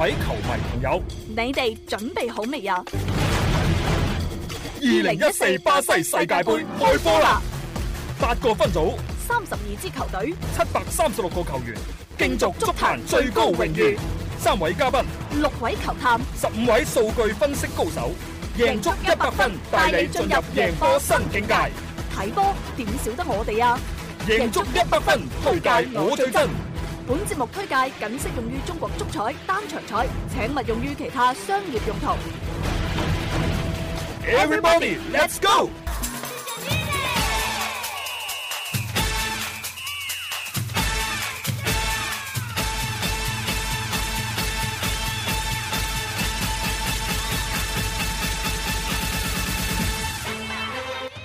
各位球迷朋友，你哋準備好未呀？二零一四巴西世界杯開波啦！八個分組，三十二支球隊，七百三十六個球員，競逐足壇最高榮譽。三位嘉賓，六位球探，十五位數據分析高手，贏足一百分，帶你進入贏波新境界。睇波點少得我哋呀？贏足一百分推介我最真。本節目推介僅適用於中國足彩單場彩，請勿用於其他商業用途。Everybody, let's go!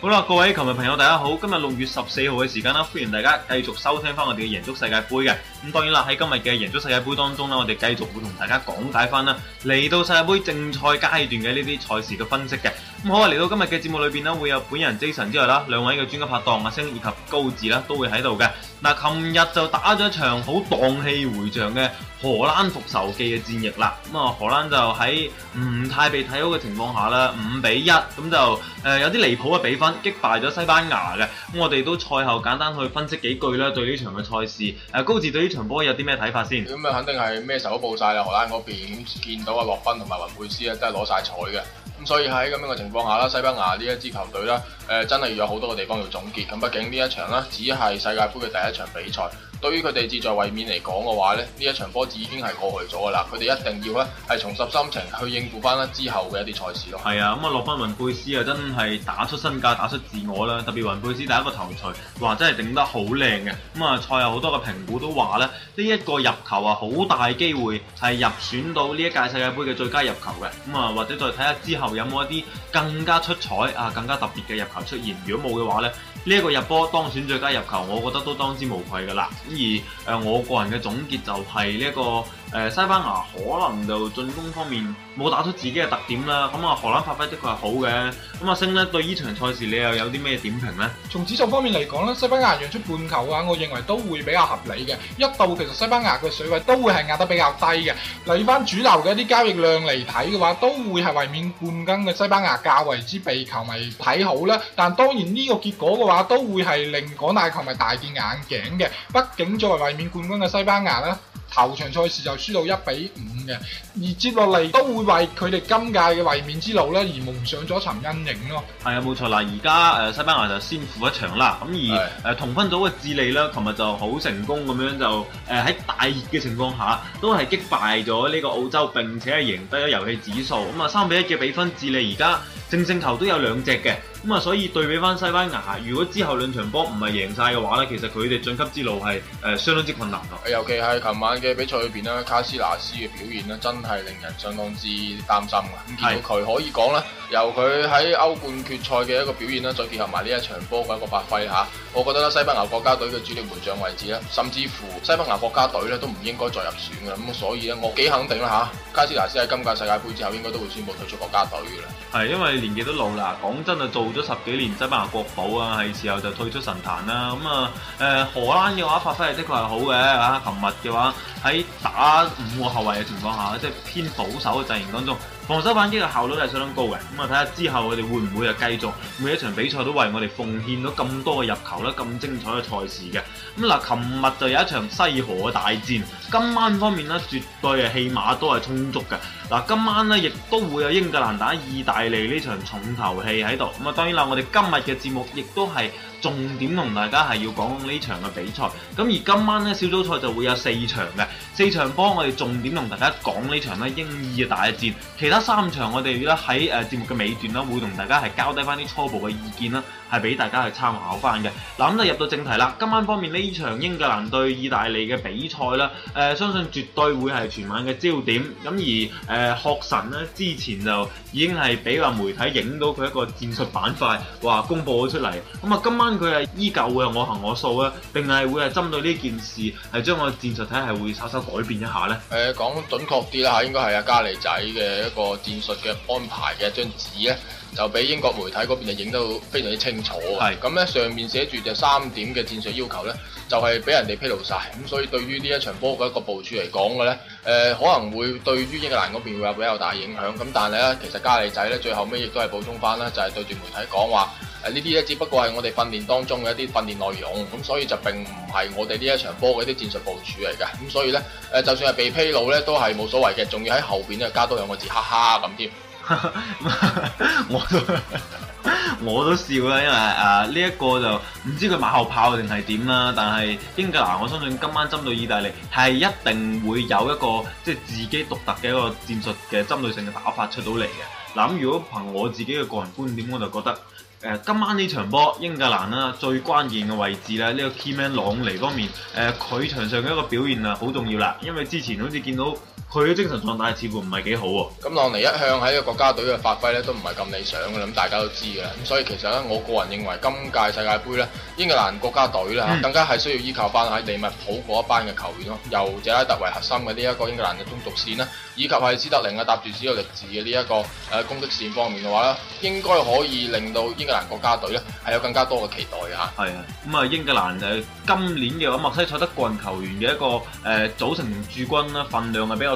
好啦，各位球迷朋友，大家好！今日六月十四號嘅時間啦，歡迎大家繼續收聽翻我哋嘅贏足世界杯嘅。咁當然啦，喺今日嘅贏足世界杯當中啦，我哋繼續會同大家講解翻啦，嚟到世界杯正賽階段嘅呢啲賽事嘅分析嘅。咁好啊！嚟到今日嘅節目裏邊呢，會有本人 Jason 之外啦，兩位嘅專家拍檔阿星以及高志啦，都會喺度嘅。嗱，琴日就打咗一場好蕩氣迴腸嘅荷蘭復仇記嘅戰役啦。咁啊，荷蘭就喺唔太被睇好嘅情況下啦，五比一咁就誒有啲離譜嘅比分擊敗咗西班牙嘅。咁我哋都賽後簡單去分析幾句啦，對呢場嘅賽事。誒，高志對呢場波有啲咩睇法先？咁啊，肯定係咩仇都報晒啊？荷蘭嗰邊見到阿洛賓同埋雲佩斯啊，都係攞晒彩嘅。咁所以喺咁樣嘅情況下啦，西班牙呢一支球隊啦，誒、呃、真係要有好多個地方要總結。咁畢竟呢一場啦，只係世界杯嘅第一場比賽。對於佢哋志在衛冕嚟講嘅話咧，呢一場波子已經係過去咗噶啦，佢哋一定要咧係重拾心情去應付翻咧之後嘅一啲賽事咯。係啊，咁、嗯、啊，落翻雲貝斯啊，真係打出身價、打出自我啦！特別雲貝斯第一個頭槌，話真係頂得好靚嘅。咁、嗯、啊，賽後好多嘅評估都話咧，呢、這、一個入球啊，好大機會係入選到呢一屆世界盃嘅最佳入球嘅。咁、嗯、啊，或者再睇下之後有冇一啲更加出彩啊、更加特別嘅入球出現。如果冇嘅話咧，呢、這、一個入波當選最佳入球，我覺得都當之無愧噶啦。而誒，我個人嘅總結就係呢一個。誒，西班牙可能就進攻方面冇打出自己嘅特點啦，咁啊荷蘭發揮的確係好嘅，咁啊星咧對呢場賽事你又有啲咩點評呢？從指數方面嚟講咧，西班牙讓出半球嘅話，我認為都會比較合理嘅。一到其實西班牙嘅水位都會係壓得比較低嘅。嚟翻主流嘅一啲交易量嚟睇嘅話，都會係衞冕冠軍嘅西班牙較為之被球迷睇好啦。但當然呢個結果嘅話，都會係令廣大球迷大跌眼鏡嘅，畢竟作為衞冕冠軍嘅西班牙啦。頭場賽事就輸到一比五嘅，而接落嚟都會為佢哋今屆嘅衛冕之路咧而蒙上咗層陰影咯。係啊，冇錯。啦而家西班牙就先負一場啦。咁而同分組嘅智利啦，琴日就好成功咁樣就喺大熱嘅情況下，都係擊敗咗呢個澳洲，並且係贏得咗遊戲指數。咁啊，三比一嘅比分，智利而家淨勝球都有兩隻嘅。咁啊，所以對比翻西班牙，如果之後兩場波唔係贏晒嘅話呢，其實佢哋進級之路係誒、呃、相當之困難嘅。尤其係琴晚嘅比賽裏邊呢，卡斯拿斯嘅表現呢，真係令人相當之擔心嘅。咁見到佢可以講咧，由佢喺歐冠決賽嘅一個表現咧，再結合埋呢一場波嘅一個發揮嚇，我覺得西班牙國家隊嘅主力門將位置咧，甚至乎西班牙國家隊呢，都唔應該再入選嘅。咁所以呢，我幾肯定啦嚇，卡斯拿斯喺今屆世界盃之後應該都會宣布退出國家隊嘅啦。係，因為年紀都老啦，講真啊，做咗十幾年西班牙國寶啊，係時候就退出神壇啦。咁、嗯、啊，誒荷蘭嘅話發揮係的確係好嘅嚇。琴日嘅話喺打五個後衞嘅情況下，即、就、係、是、偏保守嘅陣型當中。防守反擊嘅效率都係相當高嘅，咁啊睇下之後我哋會唔會啊繼續每一場比賽都為我哋奉獻到咁多嘅入球啦？咁精彩嘅賽事嘅。咁嗱，琴日就有一場西荷嘅大戰，今晚方面呢，絕對係戲碼都係充足嘅。嗱，今晚呢，亦都會有英格蘭打意大利呢場重頭戲喺度。咁啊，當然啦，我哋今日嘅節目亦都係重點同大家係要講呢場嘅比賽。咁而今晚呢，小組賽就會有四場嘅，四場波我哋重點同大家講呢場咧英意嘅大戰，而家三場，我哋咧喺誒節目嘅尾段啦，會同大家係交低翻啲初步嘅意見啦，係俾大家去參考翻嘅。嗱，咁就入到正題啦。今晚方面呢場英格蘭對意大利嘅比賽啦，誒、呃、相信絕對會係全晚嘅焦點。咁而誒、呃、學神咧之前就已經係俾話媒體影到佢一個戰術板塊，話公佈咗出嚟。咁啊，今晚佢係依舊會我行我素啊，定係會係針對呢件事係將個戰術體系會稍稍改變一下呢？誒、呃，講準確啲啦嚇，應該係阿加利仔嘅一個。個戰術嘅安排嘅一張紙咧，就俾英國媒體嗰邊就影到非常之清楚。係咁咧，上面寫住就三點嘅戰術要求咧，就係、是、俾人哋披露晒。咁所以對於呢一場波嘅一個部署嚟講嘅咧，誒、呃、可能會對於英格蘭嗰邊會有比較大影響。咁但係咧，其實加利仔咧最後尾亦都係補充翻啦，就係、是、對住媒體講話，誒呢啲咧，只不過係我哋訓練當中嘅一啲訓練內容，咁所以就並唔係我哋呢一場波嘅一啲戰術部署嚟嘅，咁所以咧，誒就算係被披露咧，都係冇所謂嘅，仲要喺後邊咧加多兩個字，哈哈咁添。我都我都笑啦，因為誒呢一個就唔知佢馬後炮定係點啦，但係英格蘭，我相信今晚針對意大利係一定會有一個即係自己獨特嘅一個戰術嘅針對性嘅打法出到嚟嘅。嗱咁，如果憑我自己嘅個人觀點，我就覺得。今晚呢場波英格蘭啦，最關鍵嘅位置咧，呢個 Keyman 朗尼方面，誒佢場上嘅一個表現啊，好重要啦，因為之前好似見到。佢嘅精神狀態似乎唔係幾好喎、啊。咁朗尼一向喺個國家隊嘅發揮咧都唔係咁理想嘅，咁大家都知嘅。咁所以其實咧，我個人認為今屆世界盃咧，英格蘭國家隊咧、嗯、更加係需要依靠翻喺利物浦嗰一班嘅球員咯，由謝拉特為核心嘅呢一個英格蘭嘅中軸線啦，以及係斯特寧啊搭住呢個力治嘅呢一個誒攻擊線方面嘅話咧，應該可以令到英格蘭國家隊咧係有更加多嘅期待嘅嚇。係啊。咁啊，英格蘭誒今年嘅話，墨西塞德個人球員嘅一個誒、呃、組成主軍啦，分量係比較。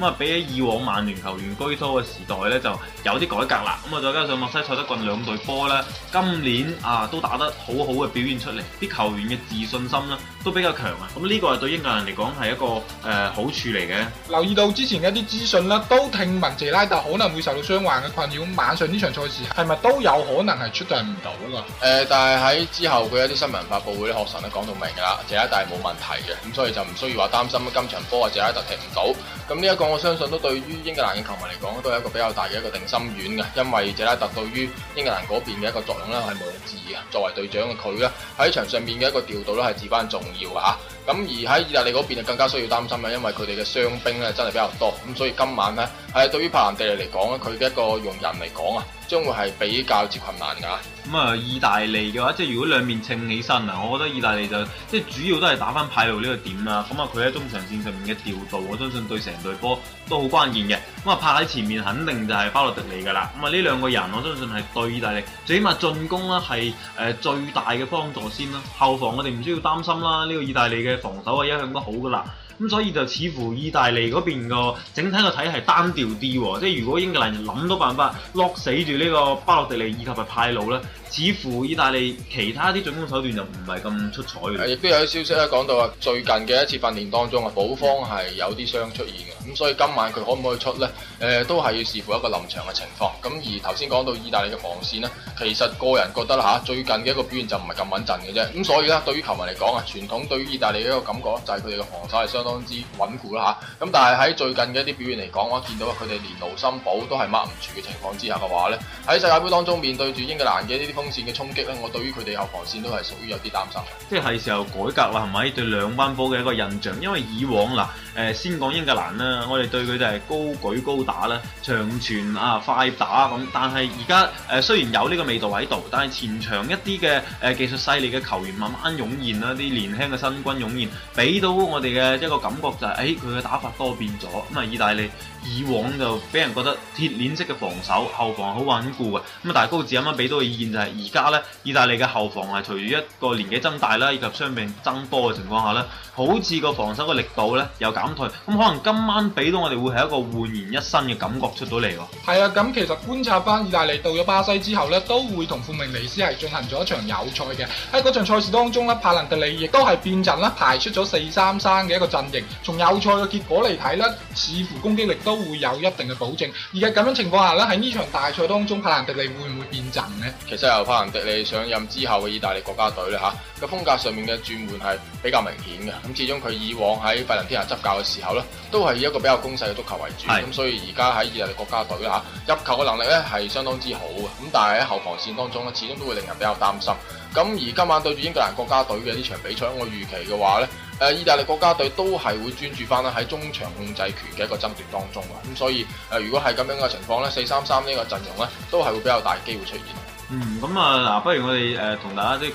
咁啊，比起以往曼聯球員居多嘅時代咧，就有啲改革啦。咁啊，再加上墨西塞德郡兩隊波咧，今年啊都打得好好嘅表現出嚟，啲球員嘅自信心啦都比較強啊。咁呢個係對英格蘭嚟講係一個誒、呃、好處嚟嘅。留意到之前嘅一啲資訊啦，都聽聞謝拉特可能會受到傷患嘅困擾，晚上呢場賽事係咪都有可能係出場唔到㗎？誒、呃、但係喺之後佢有啲新聞發布會咧，學神都講到明噶啦，謝拉特係冇問題嘅，咁所以就唔需要話擔心今場波啊謝拉特踢唔到。咁呢一個。我相信都對於英格蘭嘅球迷嚟講，都係一個比較大嘅一個定心丸嘅，因為謝拉特對於英格蘭嗰邊嘅一個作用咧，係毋庸置疑嘅。作為隊長嘅佢咧，喺場上面嘅一個調度咧，係至關重要嚇。咁、啊、而喺意大利嗰邊就更加需要擔心啦，因為佢哋嘅傷兵咧真係比較多。咁所以今晚咧，係啊，對於帕蘭地利嚟講咧，佢嘅一個用人嚟講啊，將會係比較至困難㗎。咁啊，意大利嘅話，即係如果兩面稱起身啊，我覺得意大利就即係主要都係打返派路呢個點啦。咁啊，佢喺中場線上面嘅調度，我相信對成隊波都好關鍵嘅。咁啊，拍喺前面肯定就係巴洛特利㗎啦。咁啊，呢兩個人我相信係對意大利最起碼進攻啦，係誒最大嘅幫助先啦。後防我哋唔需要擔心啦。呢、這個意大利嘅防守啊，一向都好㗎啦。咁所以就似乎意大利嗰邊個整體個體系是單調啲，即係如果英格蘭人諗到辦法落死住呢個巴洛迪利以及派路咧，似乎意大利其他啲進攻手段就唔係咁出彩嘅。亦都有啲消息咧講到啊，最近嘅一次訓練當中啊，保方係有啲傷出現。咁所以今晚佢可唔可以出咧？誒、呃，都係要視乎一個臨場嘅情況。咁而頭先講到意大利嘅防線咧，其實個人覺得啦吓、啊、最近嘅一個表現就唔係咁穩陣嘅啫。咁所以咧，對於球迷嚟講啊，傳統對於意大利嘅一個感覺就係佢哋嘅防守係相當之穩固啦吓。咁、啊、但係喺最近嘅一啲表現嚟講，我見到佢哋連盧森堡都係掹唔住嘅情況之下嘅話咧，喺世界杯當中面對住英格蘭嘅呢啲鋒線嘅衝擊咧，我對於佢哋後防線都係屬於有啲擔心。即係時候改革啦，係咪？對兩班波嘅一個印象，因為以往嗱誒、呃、先講英格蘭啦。我哋對佢就係高舉高打啦，長傳啊，快打咁。但係而家誒，雖然有呢個味道喺度，但係前場一啲嘅誒技術犀利嘅球員慢慢湧現啦，啲年輕嘅新軍湧現，俾到我哋嘅一個感覺就係、是，誒、哎，佢嘅打法多變咗。咁啊，意大利。以往就俾人覺得鐵鏈式嘅防守後防好穩固嘅，咁啊但係高志啱啱俾到嘅意見就係而家呢，意大利嘅後防係隨住一個年紀增大啦，以及傷病增多嘅情況下呢，好似個防守嘅力度呢有減退，咁可能今晚俾到我哋會係一個煥然一新嘅感覺出到嚟喎。係啊，咁其實觀察翻意大利到咗巴西之後呢，都會同富明尼斯係進行咗一場友賽嘅。喺嗰場賽事當中呢，帕蘭特利亦都係變陣啦，排出咗四三三嘅一個陣型。從友賽嘅結果嚟睇呢，似乎攻擊力都都會有一定嘅保證，而喺咁樣的情況下呢，喺呢場大賽當中，柏蘭迪利會唔會變陣呢？其實由柏蘭迪利上任之後嘅意大利國家隊呢，吓、啊、個風格上面嘅轉換係比較明顯嘅。咁、嗯、始終佢以往喺費倫天拿執教嘅時候呢，都係以一個比較攻勢嘅足球為主。咁、嗯、所以而家喺意大利國家隊啦，吓、啊、入球嘅能力呢係相當之好嘅。咁、嗯、但係喺後防線當中呢，始終都會令人比較擔心。咁、嗯、而今晚對住英格蘭國家隊嘅呢場比賽，我預期嘅話呢。誒，意大利國家隊都係會專注翻啦，喺中場控制權嘅一個爭奪當中㗎，咁所以誒，如果係咁樣嘅情況咧，四三三呢個陣容咧，都係會比較大機會出現。嗯，咁啊，嗱，不如我哋誒同大家啲。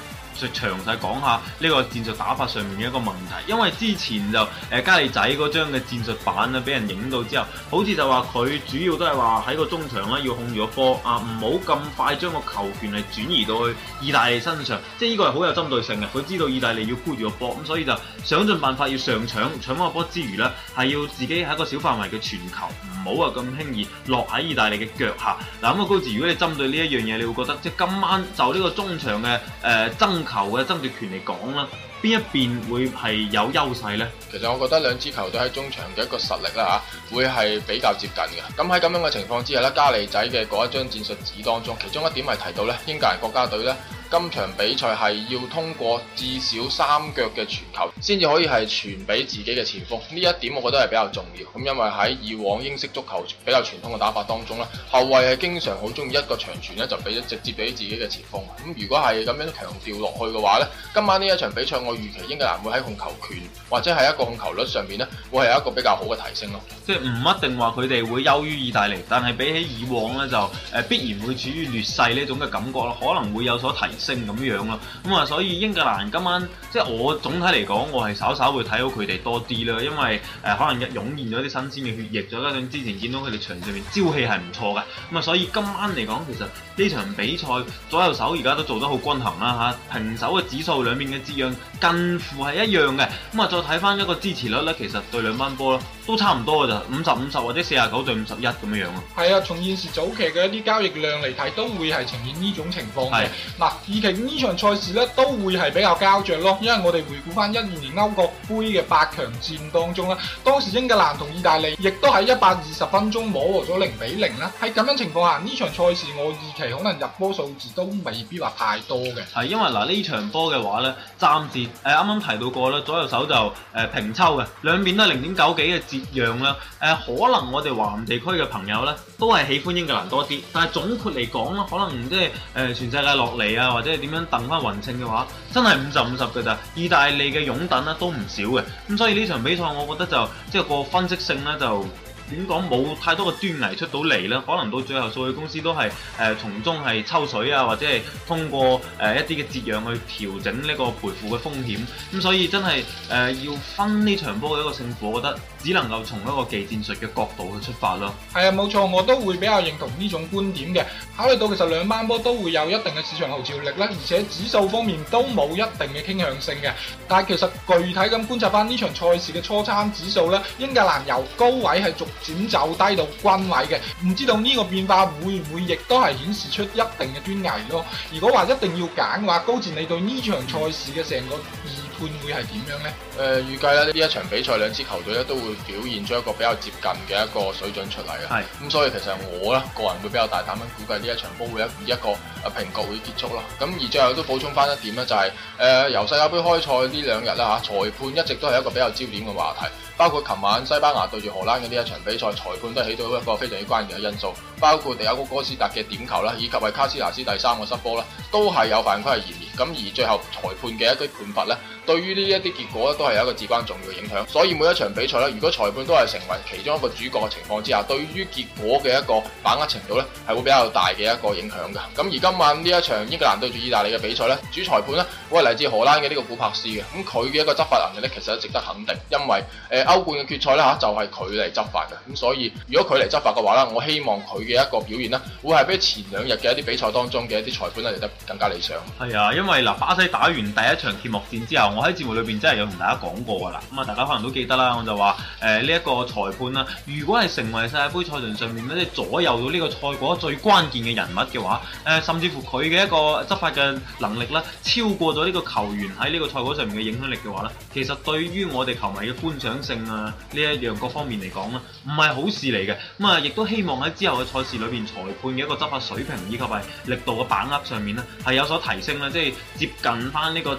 詳細講下呢個戰術打法上面嘅一個問題，因為之前就誒加利仔嗰張嘅戰術板咧，俾人影到之後，好似就話佢主要都係話喺個中場呢要控住個波啊，唔好咁快將個球權係轉移到去意大利身上，即係呢個係好有針對性嘅。佢知道意大利要箍住個波，咁所以就想盡辦法要上搶搶翻個波之餘呢，係要自己喺個小範圍嘅全球，唔好啊咁輕易落喺意大利嘅腳下。嗱，咁啊高治，如果你針對呢一樣嘢，你會覺得即係今晚就呢個中場嘅誒爭，呃球嘅爭奪權嚟講啦，邊一邊會係有優勢咧？其實我覺得兩支球隊喺中場嘅一個實力啦、啊、吓，會係比較接近嘅。咁喺咁樣嘅情況之下咧，加利仔嘅嗰一張戰術紙當中，其中一點係提到咧，英格蘭國家隊咧。今場比賽係要通過至少三腳嘅傳球，先至可以係傳俾自己嘅前鋒。呢一點我覺得係比較重要。咁因為喺以往英式足球比較傳統嘅打法當中咧，後衞係經常好鍾意一個長傳咧就俾直接俾自己嘅前鋒。咁如果係咁樣強調落去嘅話咧，今晚呢一場比賽我預期英格蘭會喺控球權或者係一個控球率上面咧，會係一個比較好嘅提升咯。即係唔一定話佢哋會優於意大利，但係比起以往呢，就誒必然會處於劣勢呢種嘅感覺咯，可能會有所提升咁樣咯，咁啊，所以英格蘭今晚即係我總體嚟講，我係稍稍會睇到佢哋多啲啦，因為誒、呃、可能一湧現咗啲新鮮嘅血液，再加上之前見到佢哋場上面朝氣係唔錯嘅，咁啊，所以今晚嚟講，其實呢場比賽左右手而家都做得好均衡啦嚇、啊，平手嘅指數兩邊嘅節量近乎係一樣嘅，咁啊，再睇翻一個支持率咧，其實對兩班波咯。都差唔多噶咋，五十五十或者四十九對五十一咁樣樣啊。係啊，從現時早期嘅一啲交易量嚟睇，都會係呈現呢種情況嘅。嗱，預、啊、期呢場賽事咧都會係比較膠着咯，因為我哋回顧翻一二年歐國杯嘅八強戰當中咧，當時英格蘭同意大利亦都喺一百二十分鐘悶和咗零比零啦。喺咁樣情況下，呢場賽事我預期可能入波數字都未必話太多嘅。係因為嗱、呃、呢場波嘅話咧，暫時誒啱啱提到過啦，左右手就誒、呃、平抽嘅，兩邊都係零點九幾嘅。樣啦，誒可能我哋華南地區嘅朋友咧，都係喜歡英格蘭多啲，但係總括嚟講咧，可能即係誒全世界落嚟啊，或者點樣掟翻勻稱嘅話，真係五十五十嘅咋，意大利嘅擁躉咧都唔少嘅，咁所以呢場比賽我覺得就即係、就是、個分析性呢就。點講冇太多嘅端倪出到嚟呢？可能到最後數據公司都係誒、呃、從中係抽水啊，或者係通過誒、呃、一啲嘅節量去調整呢個賠付嘅風險。咁、嗯、所以真係誒、呃、要分呢場波嘅一個勝負，我覺得只能夠從一個技戰術嘅角度去出發咯。係啊，冇錯，我都會比較認同呢種觀點嘅。考慮到其實兩班波都會有一定嘅市場號召力啦，而且指數方面都冇一定嘅傾向性嘅。但係其實具體咁觀察翻呢場賽事嘅初參指數咧，英格蘭由高位係逐整走低到軍位嘅，唔知道呢個變化會唔會亦都係顯示出一定嘅端倪咯？如果話一定要揀嘅話，高志，你對呢場賽事嘅成個意判會係點樣呢誒，預計咧呢這一場比賽兩支球隊咧都會表現出一個比較接近嘅一個水準出嚟嘅，係咁、嗯、所以其實我咧個人會比較大膽咁估計呢一場波會一以一個誒平局會結束啦。咁、嗯、而最後都補充翻一點咧，就係、是、誒、呃、由世界杯開賽呢兩日啦吓，裁判一直都係一個比較焦點嘅話題。包括琴晚西班牙對住荷蘭嘅呢一場比賽，裁判都起到一個非常之關鍵嘅因素。包括迪亞古哥斯達嘅點球啦，以及係卡斯拿斯第三個失波啦，都係有犯規嘅嫌疑。咁而最後裁判嘅一啲判罰咧，對於呢一啲結果咧，都係有一個至關重要嘅影響。所以每一場比賽咧，如果裁判都係成為其中一個主角嘅情況之下，對於結果嘅一個把握程度咧，係會比較大嘅一個影響㗎。咁而今晚呢一場英格蘭對住意大利嘅比賽咧，主裁判咧，我係嚟自荷蘭嘅呢個古柏斯嘅。咁佢嘅一個執法能力咧，其實都值得肯定，因為誒。呃歐冠嘅決賽咧嚇，就係佢嚟執法嘅，咁所以如果佢嚟執法嘅話咧，我希望佢嘅一個表現呢，會係比前兩日嘅一啲比賽當中嘅一啲裁判咧，嚟得更加理想。係啊，因為嗱，巴西打完第一場揭幕戰之後，我喺節目裏邊真係有同大家講過噶啦，咁啊，大家可能都記得啦，我就話誒呢一個裁判啦，如果係成為世界杯賽場上面咧，左右到呢個賽果最關鍵嘅人物嘅話，誒、呃、甚至乎佢嘅一個執法嘅能力咧，超過咗呢個球員喺呢個賽果上面嘅影響力嘅話咧，其實對於我哋球迷嘅觀賞性。啊！呢一樣各方面嚟講咧，唔係好事嚟嘅。咁啊，亦都希望喺之後嘅賽事裏邊，裁判嘅一個執法水平以及係力度嘅把握上面咧，係有所提升咧，即係接近翻呢個誒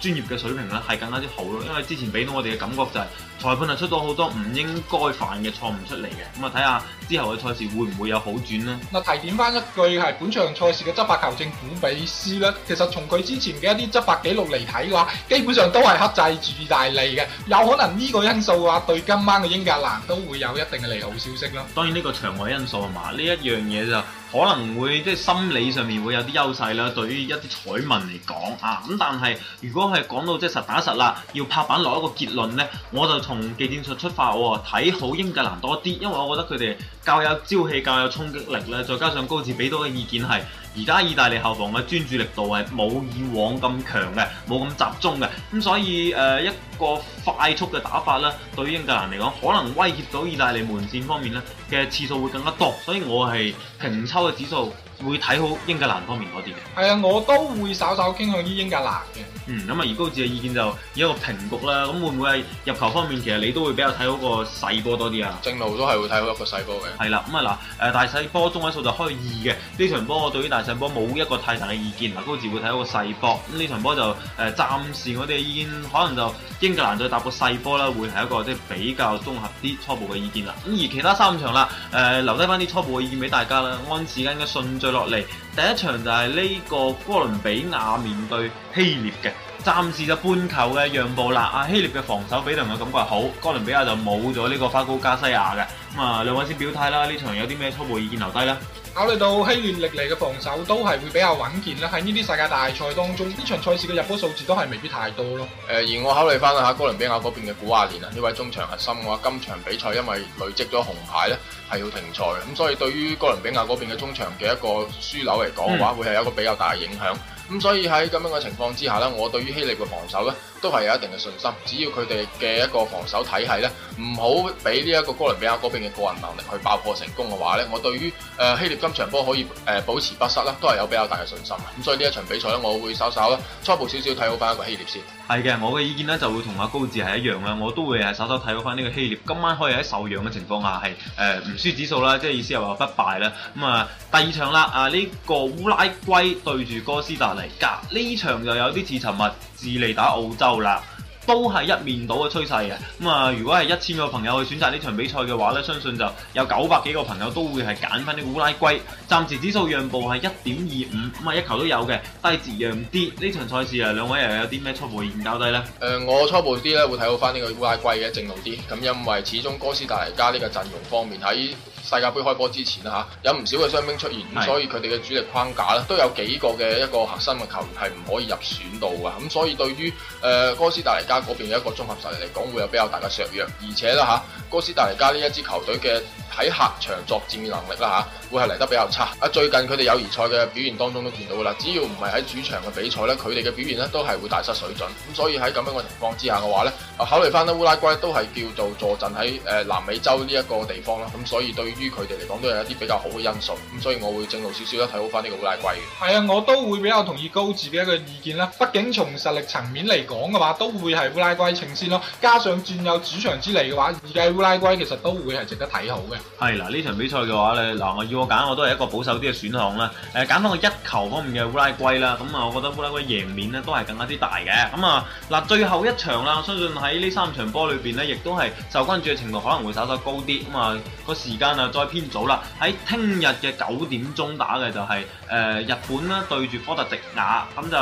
專業嘅水平啦，係更加之好咯。因為之前俾到我哋嘅感覺就係。裁判係出咗好多唔應該犯嘅錯誤出嚟嘅，咁啊睇下之後嘅賽事會唔會有好轉咧？我提點翻一句，係本場賽事嘅執法球證古比斯啦。其實從佢之前嘅一啲執法記錄嚟睇嘅話，基本上都係克制住意大利嘅，有可能呢個因素嘅、啊、話，對今晚嘅英格蘭都會有一定嘅利好消息啦。當然呢個場外因素啊嘛，呢一樣嘢就。可能會即係心理上面會有啲優勢啦，對於一啲彩民嚟講啊，咁但係如果係講到即係實打實啦，要拍板落一個結論呢，我就從技戰術出發喎，睇好英格蘭多啲，因為我覺得佢哋較有朝氣、較有衝擊力咧，再加上高志比多嘅意見係。而家意大利後防嘅專注力度係冇以往咁強嘅，冇咁集中嘅，咁所以誒、呃、一個快速嘅打法咧，對於英格蘭嚟講，可能威脅到意大利門線方面咧嘅次數會更加多，所以我係平抽嘅指數。會睇好英格蘭方面多啲嘅，係啊，我都會稍稍傾向於英格蘭嘅。嗯，咁啊，而高智嘅意見就以一個平局啦。咁會唔會係入球方面，其實你都會比較睇好個細波多啲啊？正路都係會睇好一個細波嘅。係啦，咁啊嗱，誒大細波中位數就開二嘅。呢場波我對於大細波冇一個太大嘅意見。嗱，高智會睇好個細波。咁呢場波就誒暫、呃、時我哋嘅意見，可能就英格蘭再搭個細波啦，會係一個即係比較綜合啲初步嘅意見啦。咁、嗯、而其他三場啦，誒、呃、留低翻啲初步嘅意見俾大家啦。按時間嘅順。對落嚟第一場就係呢個哥倫比亞面對希臘嘅，暫時就半球嘅讓步啦。阿希臘嘅防守俾人嘅感覺好，哥倫比亞就冇咗呢個法高加西亞嘅。咁、嗯、啊，兩位先表態啦，呢場有啲咩初步意見留低咧？考慮到希連力嚟嘅防守都係會比較穩健啦，喺呢啲世界大賽當中，呢場賽事嘅入波數字都係未必太多咯。誒，而我考慮翻下哥倫比亞嗰邊嘅古亞連啊，呢位中場核心嘅話，今場比賽因為累積咗紅牌咧，係要停賽嘅，咁所以對於哥倫比亞嗰邊嘅中場嘅一個樞紐嚟講嘅話，會係有一個比較大嘅影響。咁所以喺咁樣嘅情況之下呢，我對於希臘嘅防守呢，都係有一定嘅信心，只要佢哋嘅一個防守體系咧，唔好俾呢一個哥倫比亞嗰邊嘅個人能力去爆破成功嘅話咧，我對於誒希臘今場波可以誒保持不失啦，都係有比較大嘅信心。咁所以呢一場比賽咧，我會稍稍咧初步少少睇好翻一個希臘先。係嘅，我嘅意見咧就會同阿高智係一樣啦，我都會係稍稍睇好翻呢個希臘。今晚可以喺受讓嘅情況下係誒唔輸指數啦，即係意思係話不敗啦。咁啊，第二場啦，啊呢個烏拉圭對住哥斯達黎加，呢場又有啲似沉默。智利打澳洲啦，都係一面倒嘅趨勢嘅。咁啊，如果係一千個朋友去選擇呢場比賽嘅話咧，相信就有九百幾個朋友都會係揀翻呢個烏拉圭。暫時指數讓步係一點二五，咁啊一球都有嘅，低字讓啲。呢場賽事啊，兩位又有啲咩初步意見交低呢？誒、呃，我初步啲咧會睇到翻呢個烏拉圭嘅，正路啲。咁因為始終哥斯達黎加呢個陣容方面喺，世界杯開波之前啦、啊、有唔少嘅傷兵出現，咁所以佢哋嘅主力框架咧都有幾個嘅一個核心嘅球員係唔可以入選到嘅，咁所以對於誒、呃、哥斯達黎加嗰邊嘅一個綜合實力嚟講，會有比較大嘅削弱，而且啦嚇、啊，哥斯達黎加呢一支球隊嘅。喺客場作戰嘅能力啦嚇、啊，會係嚟得比較差。啊，最近佢哋友誼賽嘅表現當中都見到噶啦，只要唔係喺主場嘅比賽咧，佢哋嘅表現咧都係會大失水準。咁、啊、所以喺咁樣嘅情況之下嘅話咧、啊，考慮翻咧烏拉圭都係叫做坐鎮喺誒南美洲呢一個地方啦。咁、啊、所以對於佢哋嚟講都係一啲比較好嘅因素。咁、啊、所以我會正路少少咧睇好翻呢個烏拉圭。係啊，我都會比較同意高自己嘅一個意見啦。畢竟從實力層面嚟講嘅話，都會係烏拉圭勝算咯。加上佔有主場之利嘅話，而家烏拉圭其實都會係值得睇好嘅。係嗱，呢場比賽嘅話咧，嗱，我要我揀我都係一個保守啲嘅選項啦。誒，揀翻個一球方面嘅烏拉圭啦，咁啊，我覺得烏拉圭贏面咧都係更加啲大嘅。咁、嗯、啊，嗱、嗯，最後一場啦，相信喺呢三場波裏面咧，亦都係受關注嘅程度可能會稍稍高啲。咁、嗯、啊，個時間啊再偏早啦，喺聽日嘅九點鐘打嘅就係、是呃、日本啦對住科特迪瓦，咁就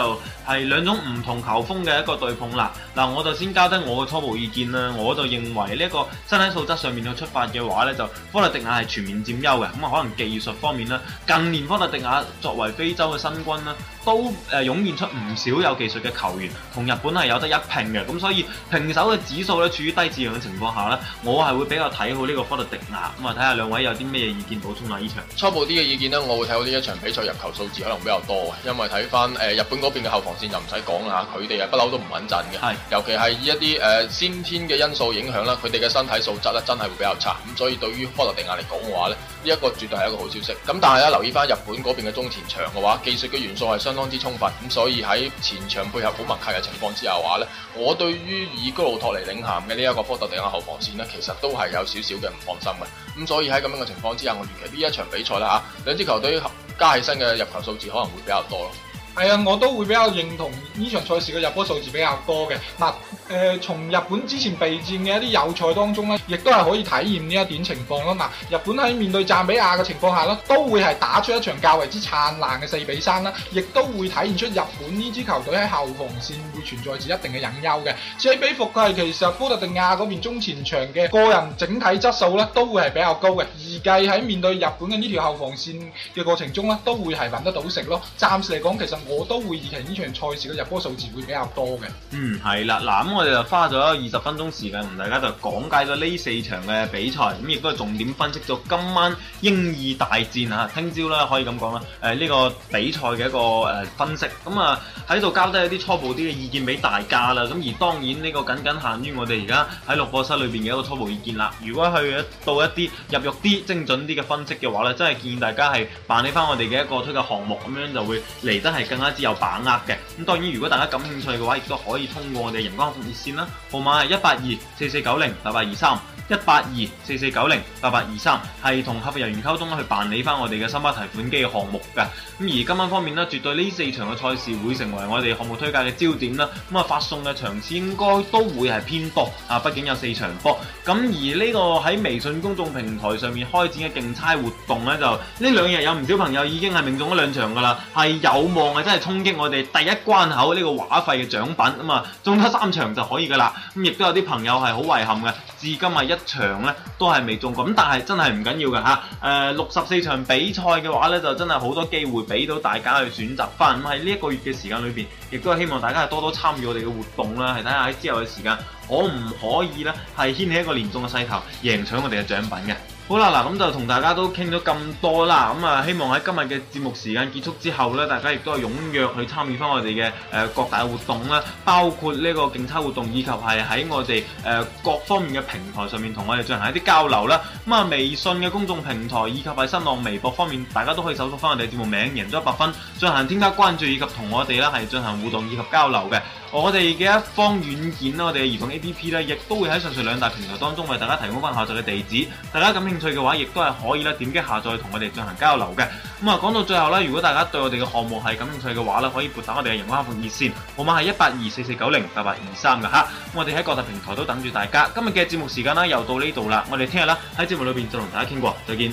係、是、兩種唔同球風嘅一個對碰啦。嗱、嗯，我就先交得我嘅初步意見啦，我就認為呢一個身體素質上面要出發嘅話咧就科特迪瓦係全面佔優嘅，咁啊可能技術方面啦，近年科特迪瓦作為非洲嘅新軍啦。都誒湧現出唔少有技術嘅球員，同日本係有得一拼嘅，咁所以平手嘅指數咧，處於低質量嘅情況下呢、嗯、我係會比較睇好呢個科特迪亞。咁啊，睇下兩位有啲咩意見補充下呢場。初步啲嘅意見呢，我會睇好呢一場比賽入球數字可能比較多嘅，因為睇翻誒日本嗰邊嘅後防線就唔使講啦，佢哋啊不嬲都唔穩陣嘅，尤其係以一啲誒、呃、先天嘅因素影響咧，佢哋嘅身體素質咧真係會比較差，咁所以對於科特迪亞嚟講嘅話咧。呢、這、一個絕對係一個好消息。咁但係咧，留意翻日本嗰邊嘅中前場嘅話，技術嘅元素係相當之充分。咁所以喺前場配合古文泰嘅情況之下話呢，我對於以高路托尼領銜嘅呢一個波特地嘅後防線呢，其實都係有少少嘅唔放心嘅。咁所以喺咁樣嘅情況之下，我預期呢一場比賽啦嚇，兩支球隊加起身嘅入球數字可能會比較多咯。係、哎、啊，我都會比較認同呢場賽事嘅入波數字比較多嘅。嗱、呃，誒，從日本之前備戰嘅一啲友賽當中咧，亦都係可以體驗呢一點情況咯。嗱、呃，日本喺面對讚比亞嘅情況下咧，都會係打出一場較為之燦爛嘅四比三啦，亦都會體現出日本呢支球隊喺後防線會存在住一定嘅隱憂嘅。至於比服契，其實波特迪亞嗰邊中前場嘅個人整體質素咧，都會係比較高嘅。預計喺面對日本嘅呢條後防線嘅過程中咧，都會係搵得到食咯。暫時嚟講，其實。我都會預期呢場賽事嘅入波數字會比較多嘅。嗯，係啦，嗱，咁我哋就花咗二十分鐘時間同大家就講解咗呢四場嘅比賽，咁亦都係重點分析咗今晚英意大戰嚇，聽朝咧可以咁講啦。呢、呃呢個比賽嘅一個呃分析，咁啊喺度交低一啲初步啲嘅意見俾大家啦。咁而當然呢個僅僅限於我哋而家喺錄播室裏邊嘅一個初步意見啦。如果去到一啲入肉啲、精準啲嘅分析嘅話咧，真係建議大家係辦理翻我哋嘅一個推介項目，咁樣就會嚟得係。更加自有把握嘅，咁當然如果大家感興趣嘅話，亦都可以通過我哋陽光熱線啦，號碼係一八二四四九零八八二三。一八二四四九零八八二三係同客服人員溝通去辦理翻我哋嘅新巴提款機嘅項目噶。咁而今晚方面咧，絕對呢四場嘅賽事會成為我哋項目推介嘅焦點啦。咁啊，發送嘅場次應該都會係偏多啊，畢竟有四場波。咁而呢個喺微信公眾平台上面開展嘅競猜活動呢，就呢兩日有唔少朋友已經係命中咗兩場噶啦，係有望啊，真係衝擊我哋第一關口呢個話費嘅獎品啊嘛。嗯，中得三場就可以噶啦。咁亦都有啲朋友係好遺憾嘅，至今係一場咧都係未中過，但係真係唔緊要噶吓。誒，六十四場比賽嘅話咧，就真係好多機會俾到大家去選擇翻。咁喺呢一個月嘅時間裏邊，亦都係希望大家係多多參與我哋嘅活動啦。係睇下喺之後嘅時間，可唔可以咧係掀起一個連中嘅勢頭，贏取我哋嘅獎品嘅。好啦，嗱咁就同大家都傾咗咁多啦，咁啊希望喺今日嘅節目時間結束之後咧，大家亦都係踴躍去參與翻我哋嘅誒各大活動啦，包括呢個競猜活動，以及係喺我哋誒各方面嘅平台上面同我哋進行一啲交流啦。咁啊，微信嘅公眾平台以及喺新浪微博方面，大家都可以搜索翻我哋節目名，贏咗一百分，進行添加關注以及同我哋啦係進行互動以及交流嘅。我哋嘅一方軟件啦，我哋嘅移動 A P P 咧，亦都會喺上述兩大平台當中為大家提供翻下載嘅地址。大家感興趣嘅話，亦都係可以啦，點擊下載同我哋進行交流嘅。咁啊，講到最後啦，如果大家對我哋嘅項目係感興趣嘅話呢，可以撥打我哋嘅盈豐客服熱線，號碼係一八二四四九零八八二三㗎吓，咁我哋喺各大平台都等住大家。今日嘅節目時間啦，又到呢度啦，我哋聽日啦喺節目裏邊再同大家傾過，再見。